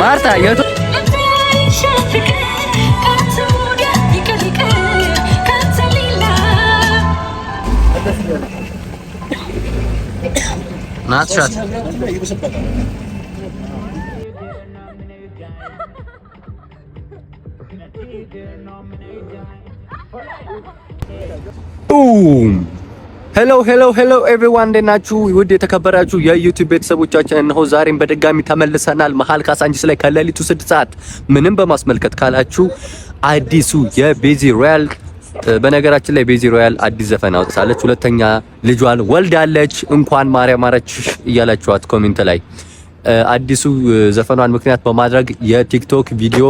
ማርታ ናትሻት ቡም ሄሎ ሄሎ ሄሎ ኤቭሪዋን እንዴት ናችሁ? ውድ የተከበራችሁ የዩቲዩብ ቤተሰቦቻችን እነሆ ዛሬም በድጋሚ ተመልሰናል። መሀል ካሳንቺስ ላይ ከሌሊቱ ስድስት ሰዓት ምንም በማስመልከት ካላችሁ አዲሱ የቤዚ ሮያል በነገራችን ላይ ቤዚ ሮያል አዲስ ዘፈን አውጥታለች። ሁለተኛ ልጇን ወልዳለች። እንኳን ማርያም ማረችሽ እያላችኋት ኮሜንት ላይ አዲሱ ዘፈኗን ምክንያት በማድረግ የቲክቶክ ቪዲዮ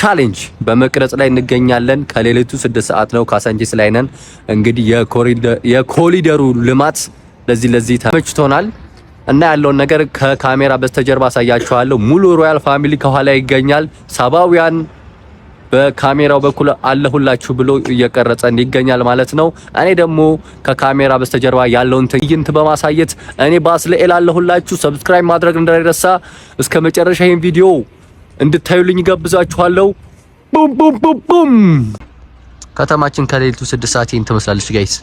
ቻሌንጅ በመቅረጽ ላይ እንገኛለን። ከሌሊቱ ስድስት ሰዓት ነው። ካሳንቺስ ላይ ነን። እንግዲህ የኮሪደሩ ልማት ለዚህ ለዚህ ተመችቶናል እና ያለውን ነገር ከካሜራ በስተጀርባ አሳያችኋለሁ። ሙሉ ሮያል ፋሚሊ ከኋላ ይገኛል። ሳባውያን በካሜራው በኩል አለሁላችሁ ብሎ እየቀረጸ ይገኛል ማለት ነው። እኔ ደግሞ ከካሜራ በስተጀርባ ያለውን ትዕይንት በማሳየት እኔ ባስ ባስልኤል አለሁላችሁ። ሰብስክራይብ ማድረግ እንዳይረሳ። እስከ መጨረሻ ይህን ቪዲዮ እንድታዩልኝ ጋብዛችኋለሁ። ቡም ቡም ቡም ቡም። ከተማችን ከሌሊቱ ስድስት ሰዓት ይህን ትመስላለች ጋይስ።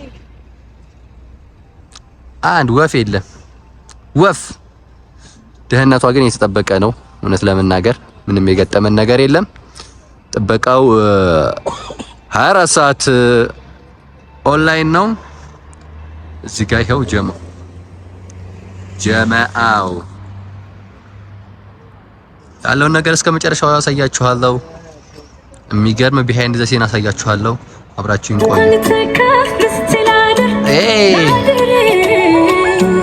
አንድ ወፍ የለም ወፍ። ደህንነቷ ግን የተጠበቀ ነው። እውነት ለመናገር ምንም የገጠመን ነገር የለም። ጥበቃው 24 ሰዓት ኦንላይን ነው። እዚህ ጋር ይኸው ጀማ ጀማአው ያለውን ነገር እስከ መጨረሻው ያሳያችኋለሁ። የሚገርም ቢሃይንድ ዘ ሲን አሳያችኋለሁ። አብራችሁ ቆዩ።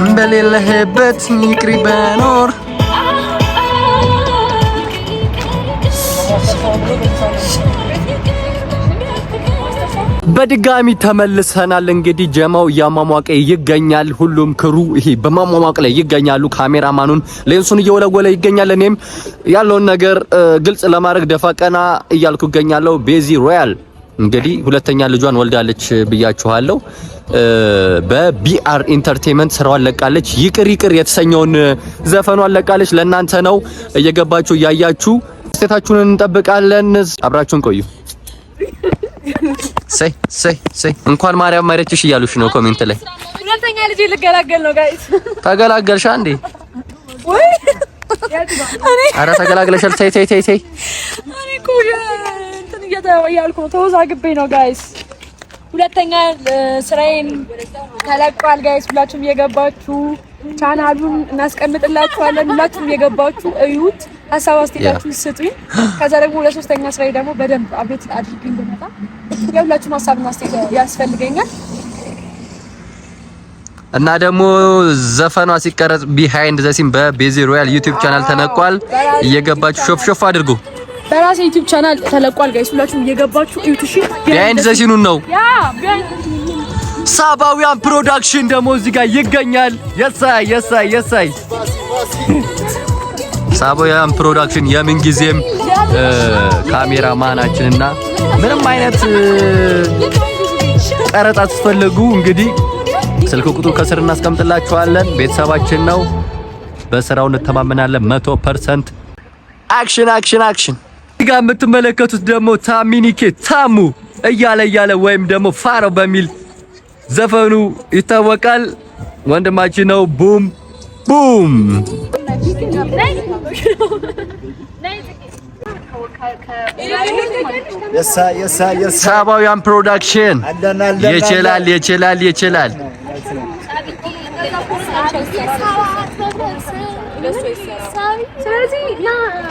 እንደሌለህበት ይቅሪ በኖር በድጋሚ ተመልሰናል። እንግዲህ ጀማው እያሟሟቀ ይገኛል። ሁሉም ክሩ ይሄ በማሟሟቅ ላይ ይገኛሉ። ካሜራማኑን ሌንሱን እየወለወለ ይገኛል። እኔም ያለውን ነገር ግልጽ ለማድረግ ደፋ ቀና እያልኩ ይገኛለሁ ቤዚ ሮያል እንግዲህ ሁለተኛ ልጇን ወልዳለች ብያችኋለሁ። በቢአር ኢንተርቴንመንት ስራዋን ለቃለች። ይቅር ይቅር የተሰኘውን ዘፈኗን ለቃለች። ለእናንተ ነው እየገባችሁ እያያችሁ ስቴታችሁን እንጠብቃለን። አብራችሁን ቆዩ። ሰይ ሰይ ሰይ እንኳን ማርያም ማረችሽ እያሉሽ ነው ኮሜንት ላይ። ሁለተኛ ልጅ ልገላገል ነው ጋይስ። ተገላገልሻ እንዴ? አረ ተገላግለሻል። ተይ ተይ ተይ ተይ። እኔ እኮ እንትን ነው ተወዛግቤ ነው ጋይስ። ሁለተኛ ስራዬን ተለቋል ጋይስ። ሁላችሁም እየገባችሁ ቻናሉን እናስቀምጥላችኋለን። ሁላችሁም እየገባችሁ እዩት። ሀሳብ ስጡኝ። ከዛ ደግሞ ለሶስተኛ ስራዬ ደግሞ በደንብ አቤት አድርጌ እንደመጣ የሁላችሁም ሀሳብና ያስፈልገኛል። እና ደግሞ ዘፈኗ ሲቀረጽ ቢሃይንድ ዘሲን በቤዚ ሮያል ዩቲዩብ ቻናል ተለቋል። እየገባችሁ ሾፍ ሾፍ አድርጉ። በራሴ ዩቲዩብ ቻናል ተለቋል። ጋይስ ሁላችሁም እየገባችሁ ቢሃይንድ ነው ሳባውያን ፕሮዳክሽን ደግሞ እዚህ ጋር ይገኛል። የሳይ የሳይ የሳይ ሳቦያን ፕሮዳክሽን የምንጊዜም ካሜራ ማናችንና ምንም አይነት ቀረጻ ስትፈልጉ እንግዲህ ስልክ ቁጥሩ ከስር እናስቀምጥላችኋለን። ቤተሰባችን ነው። በስራው እንተማመናለን። መቶ ፐርሰንት። አክሽን አክሽን አክሽን። እዚህ ጋር የምትመለከቱት ደግሞ ታሚኒኬ ታሙ እያለ እያለ ወይም ደግሞ ፋሮ በሚል ዘፈኑ ይታወቃል። ወንድማችን ነው። ቡም ቡም ሳባውያን ፕሮዳክሽን ይችላል ይችላል ይችላል። ስለዚህ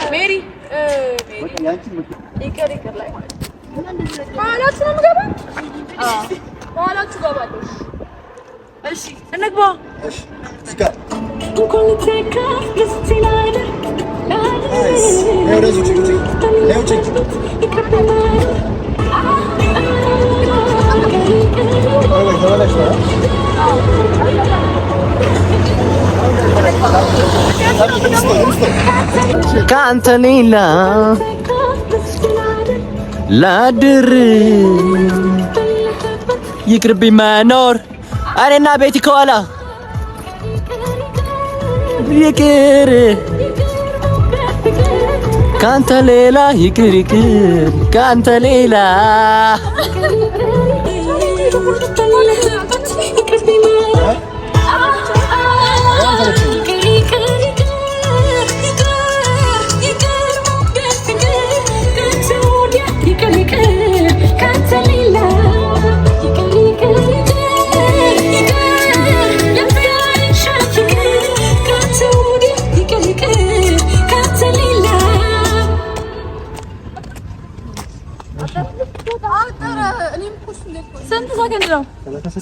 እሺ እንግባ። ከአንተ ሌላ ላድር ይቅርብኝ መኖር እኔና ቤቲ ከኋላ ይቅር ካንተ ሌላ ይቅር ይቅር ካንተ ሌላ ስንት ሰከንድ ነው?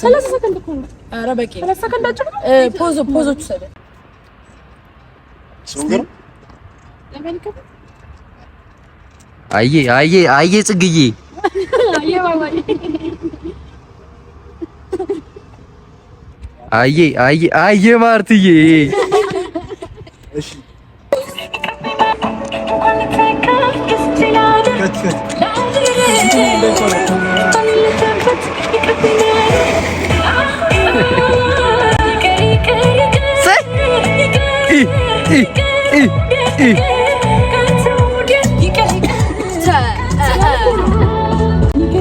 ሰላሳ ሰከንድ እኮ ነው። ኧረ በቂ ሰላሳ ሰከንድ አጭር ነው። ፖዞ ፖዞ ትሰደ አየ አየ አየ ጽግዬ አየ አየ አየ ማርትዬ እሺ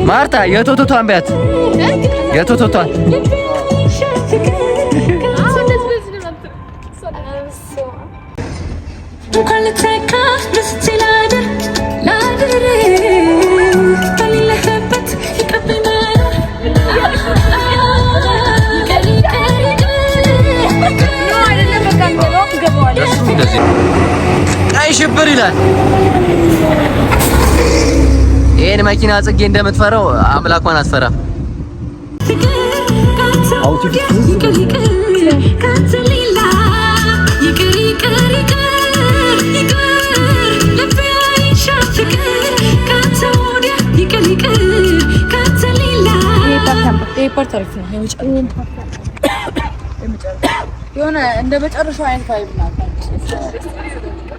ማርታ የቶቶቷን ቢያት የቶቶቷን ይመስላል። ይሄን መኪና ጽጌ እንደምትፈራው አምላኳን አትፈራም። የሆነ እንደ መጨረሻው አይነት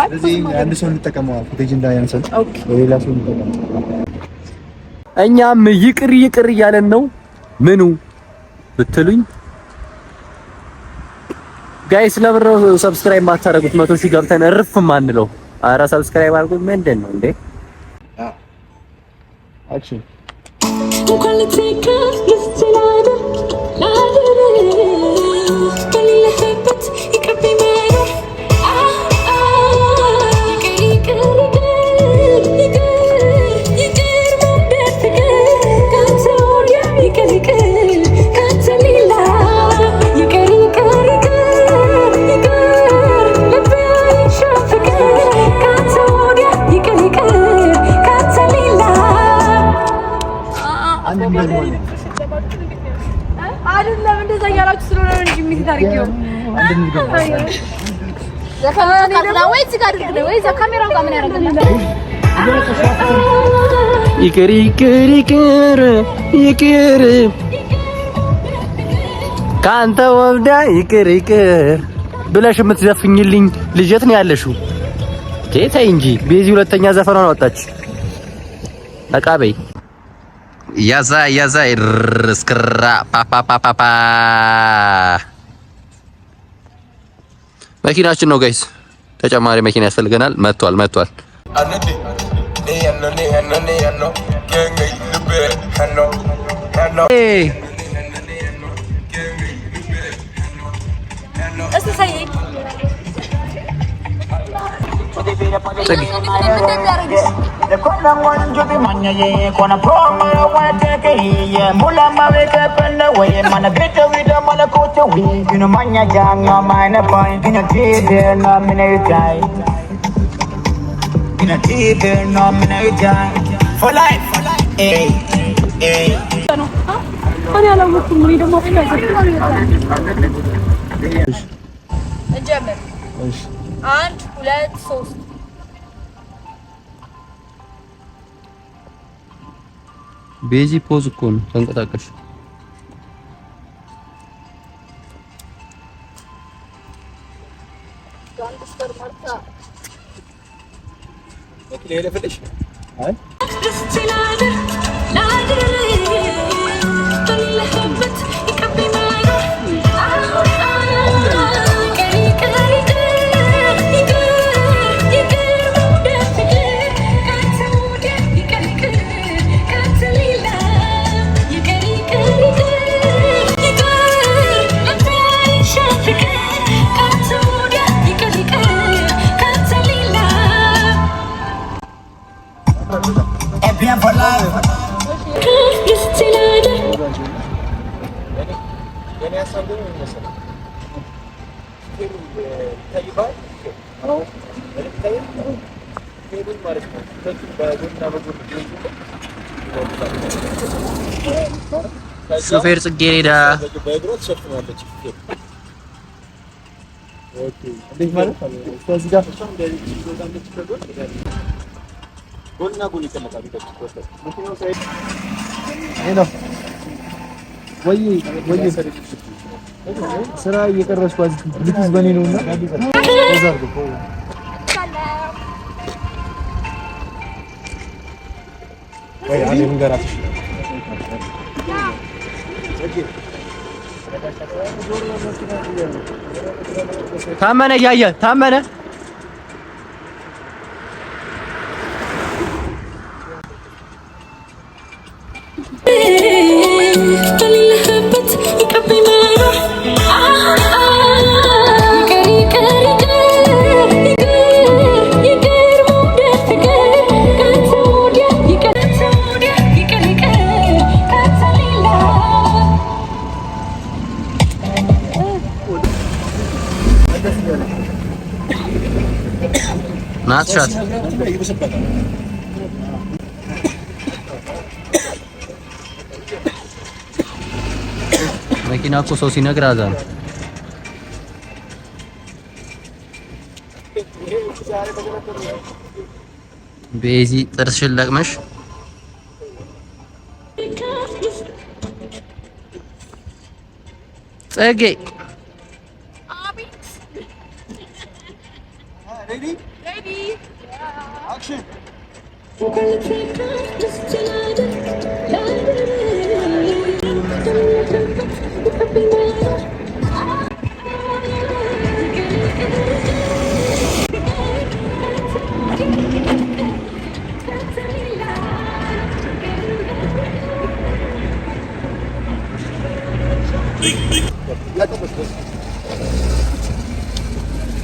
አንድ ሰው እንጠቀመዋል። እኛም ይቅር ይቅር እያለን ነው። ምኑ ብትሉኝ ጋይስ ለብር ነው ሰብስክራይብ ማታረጉት? መቶ ሺህ ገብተን እርፍ ማንለው። አረ ሰብስክራይብ አድርጉ። ምንድን ነው እንዴ? አክሽን ይቅር ይቅር ይቅር ይቅር ካንተ ወብዳ ይቅር ይቅር ብለሽ የምትዘፍኝልኝ ልጀት ነው ያለሽው። ተይ እንጂ ቤዚ ሁለተኛ ዘፈኗን አወጣች። ነቃ በይ። ያዛ ያዛ እስክራ ፓፓፓፓ መኪናችን ነው ጋይስ። ተጨማሪ መኪና ያስፈልገናል። መጥቷል መጥቷል። Hey. Nasaan sa ik? Sige. it, I'm in life, for life. Hey, hey. Ano? Ha? Hani alam mo kung may damo ka جبل عند ولاد صوص ቤዚ ፖዝ እኮ ነው ተንቀሳቀሽ ልሄድ ልፍልሽ ሾፌር ጽጌሬዳ ጎና ጎን ወይ ወይ ስራ እየቀረሽ ኳዝ ልትዝ በኔ ነውና ታመነ እያየ ታመነ Sosina ko Sosina Grazan. በዚህ ጥርስሽን ለቅመሽ ጸጌ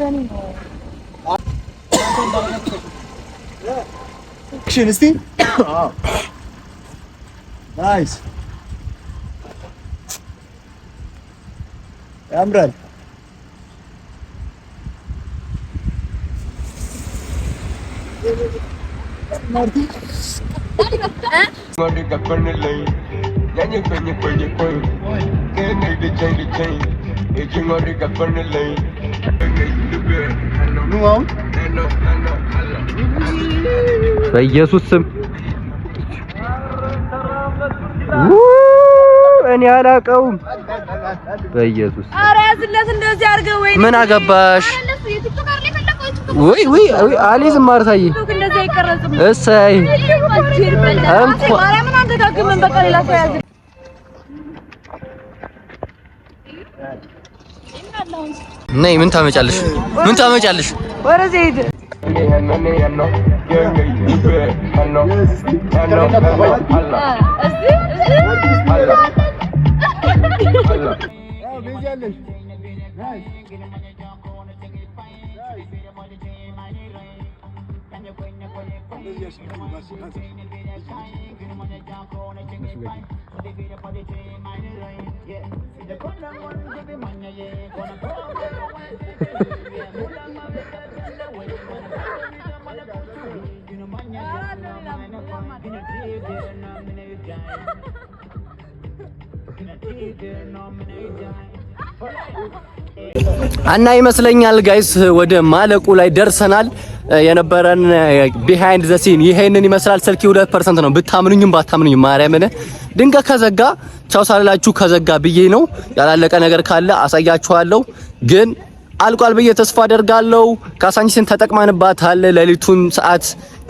Action, oh. Nice. Amran. Marty. Marty got burned late. Yanyo penny penny penny. Can't make the change the change. It's your Marty got burned late. ስሙ አሁን በኢየሱስ ስም እኔ አላውቀውም። በኢየሱስ ኧረ ያዝለት እንደዚህ አድርገው። ወይ ምን አገባሽ? ወይ ወይ አልይዝም። ማርታዬ እሰይ ነይ ምን ታመጫለሽ? ምን ታመጫለሽ? ወረዘ ሂድ Thank you. እና ይመስለኛል ጋይስ ወደ ማለቁ ላይ ደርሰናል። የነበረን ቢሃይንድ ዘ ሲን ይሄንን ይመስላል። ስልኪ 2% ፐርሰንት ነው ብታምኑኝም ባታምኑኝም ማርያምን ድንገት ከዘጋ ቻው ሳላላችሁ ከዘጋ ብዬ ነው። ያላለቀ ነገር ካለ አሳያችኋለሁ ግን አልቋል ብዬ ተስፋ አደርጋለሁ። ካሳንቺስን ተጠቅመንባታል። ሌሊቱን ሰዓት፣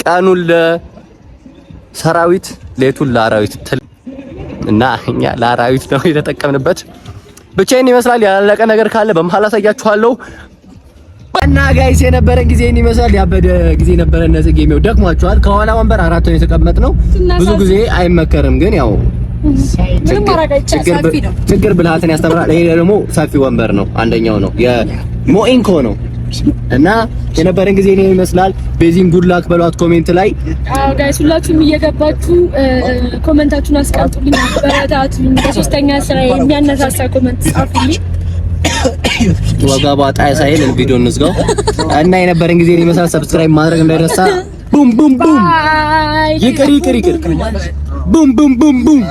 ቀኑን ለሰራዊት፣ ሌቱን ለአራዊት እና እኛ ለአራዊት ነው የተጠቀምንበት። ብቻዬን ይመስላል። ያላለቀ ነገር ካለ በመሃል አሳያችኋለሁ። እና ጋይስ የነበረን ጊዜ እኔ ይመስላል ያበደ ጊዜ ነበረን። እነዚህ ጌሜው ደክሟቸዋል። ከኋላ ወንበር አራት ነው የተቀመጥነው። ብዙ ጊዜ አይመከርም፣ ግን ያው ችግር ብልሃትን ያስተምራል። ይሄ ደግሞ ሰፊ ወንበር ነው፣ አንደኛው ነው የሞኢንኮ ነው። እና የነበረን ጊዜ እኔ ይመስላል። ቤዚን ላክ በሏት ኮሜንት ላይ። አዎ ጋይስ ሁላችሁም እየገባችሁ ኮሜንታችሁን አስቀምጡልኝ፣ አበረታቱኝ። ከሶስተኛ ስራ የሚያነሳሳ ኮሜንት ጻፉልኝ። ወጋ ጣይ ሳይል ቪዲዮ እንዝጋው እና የነበረን ጊዜ ይመስላል። ሰብስክራይብ ማድረግ እንዳይረሳ። ቡም ቡም ቡም ይቅር ይቅር ይቅር ቡም ቡም ቡም ቡም